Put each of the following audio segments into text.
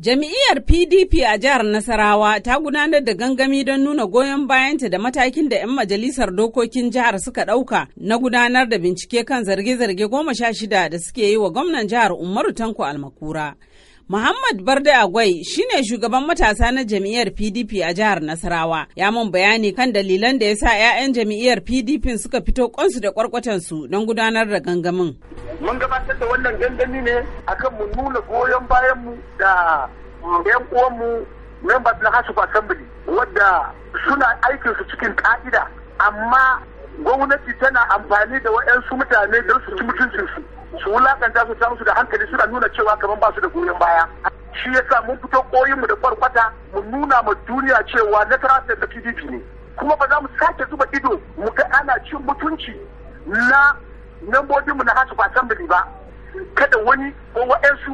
Jami'iyar PDP a jihar Nasarawa ta gudanar da gangami don nuna goyon bayanta da matakin da 'yan majalisar dokokin jihar suka ɗauka na gudanar da bincike kan zarge-zarge goma sha shida da suke yi wa gwamnan jihar Umaru Tanko Almakura. Muhammad Barde Agwai shine shugaban matasa na jam'iyyar PDP a jihar Nasarawa. Ya mun bayani kan dalilan da ya sa 'ya'yan jam'iyyar PDP suka fito kwansu da kwarkwatansu don gudanar da gangamin. mun gabatar da wannan gangami ne akan mu nuna goyon bayan mu da yan uwanmu members na House of Assembly wadda suna aikin su cikin ka'ida amma gwamnati tana amfani da wa'yansu mutane don su ci mutuncin su su wulakanta su samu su da hankali suna nuna cewa kamar ba su da goyon baya shi yasa mun fito koyin mu da kwarkwata mu nuna ma duniya cewa na tarasa da PDP ne kuma ba za mu sake zuba ido mu ga ana cin mutunci na membobin mu na House of Assembly ba kada wani ko wa'ansu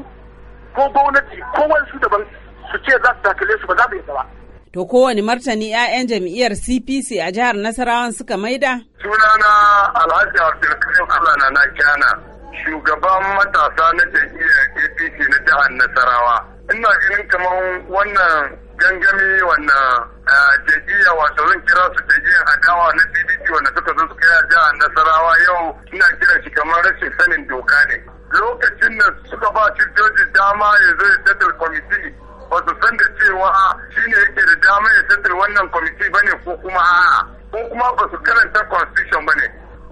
ko gwamnati ko da daban su ce za su takile su ba za mu yi ba. To kowane martani 'ya'yan jam'iyyar CPC a jihar Nasarawa suka maida? Sunana Alhaji Abdulkarim Allah na Kyana, shugaban matasa na jam'iyyar APC na jihar Nasarawa. Ina ganin kamar wannan gangami wannan jam'iyya wato zan kira su jam'iyyar adawa na PDP wanda suka zo suka yi jihar Nasarawa yau ina kira shi kamar rashin sanin doka ne. Lokacin nan suka ba shi joji dama ya zo ya tattar kwamiti ba su san da cewa shi ne yake da dama ya tattar wannan kwamiti ba ne ko kuma a ko kuma ba su karanta constitution ba ne.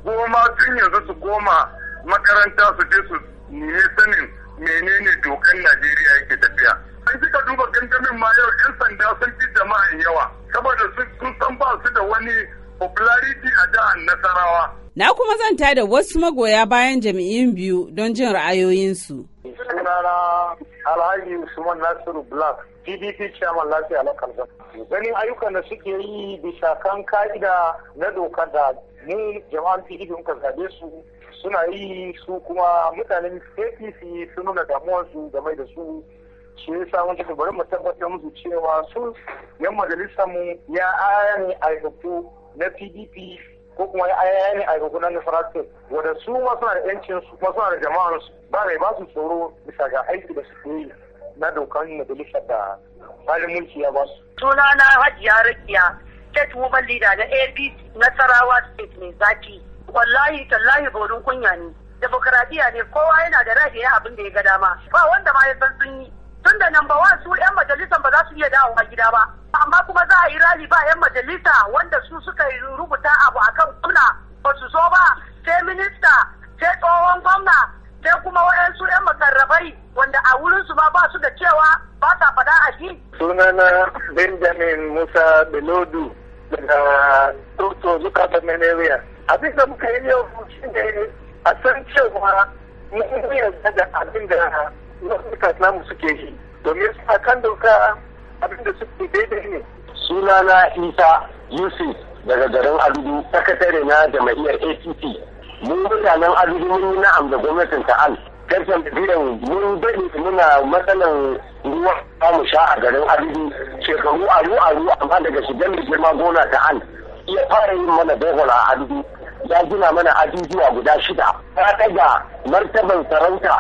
Goma tun yanzu su goma makaranta su je su nemi sanin menene dokan Najeriya yake tafiya. in suka duba gangamin ma yau 'yan sanda sun fi jama'a yawa saboda sun san ba su da wani popularity a jihar Nasarawa. Na kuma zan zanta da wasu magoya bayan jami'in biyu don jin ra'ayoyinsu. Sunana Alhaji Usman Nasiru Black, PDP Chairman Lafiya Lokal Ganin ayyukan da suke yi bisa kan ka'ida na doka da mu jama'an PDP muka zabe su suna yi su kuma mutanen APC sun nuna damuwarsu game da su shi ya samu tafi bari mu tabbatar musu cewa su yan majalisa mu ya aya ne a na PDP ko kuma ya aya ne a na Nasaratu wanda su ma na da yancin su kuma suna da jama'ar su ba mai ba su tsoro bisa ga aiki da su yi na dokan majalisar da tsarin mulki ya ba su. Sunana Hajiya Rakiya, state woman leader na APC Nasarawa state mai zaki. Wallahi tallahi borin kunya ne. demokaradiyya ne kowa yana da rage abin da ya ga dama. Ba wanda ma ya san sun yi tun namba wa su 'yan majalisa ba za su iya dawowa gida ba amma kuma za a yi rali ba 'yan majalisa wanda su suka rubuta abu akan kuna ba su zo ba sai minista sai tsohon gwamna sai kuma waɗansu 'yan makarrabai wanda a wurinsu ma ba su da cewa ba sa faɗa a shi. sunana benjamin musa belodu daga toto zuka area abin da muka yi yau shi a san cewa mun yarda da abin da suka namu suke yi domin suna kan doka abinda suke daidai ne sunana isa yusuf daga garin adudu sakatare na jam'iyyar APP. mu mutanen adudu mun yi na'am da gwamnatin ta'al karshen bidan mun daɗe muna matsalan ruwa za mu sha a garin adudu shekaru aru aru amma daga shigar da girma gona ta'al iya fara yin mana bohol a adudu ya gina mana a guda shida ta daga martaban sarauta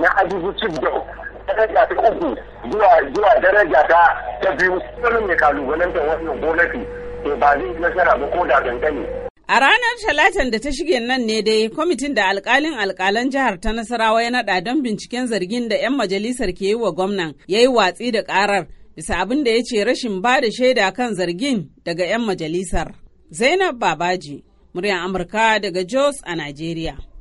na adudu cibdo daraja ta uku zuwa daraja ta ta biyu sanin mai wannan gwamnati to ba zai nasara ba ko da gangane A ranar Talatan da ta shige nan ne dai kwamitin da alkalin alkalan jihar ta Nasarawa ya nada don binciken zargin da 'yan majalisar ke yi wa gwamnan ya yi watsi da karar bisa abin da ya ce rashin ba da shaida kan zargin daga 'yan majalisar. Zainab Babaji, muryar Amurka daga Jos a Najeriya.